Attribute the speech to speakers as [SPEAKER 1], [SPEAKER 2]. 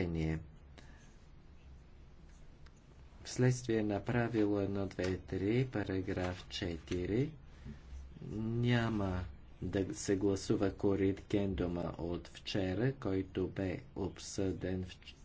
[SPEAKER 1] поведение. Вследствие на правило 1, 2, 3, параграф 4, няма да се гласува коригендума от вчера, който бе обсъден
[SPEAKER 2] вчера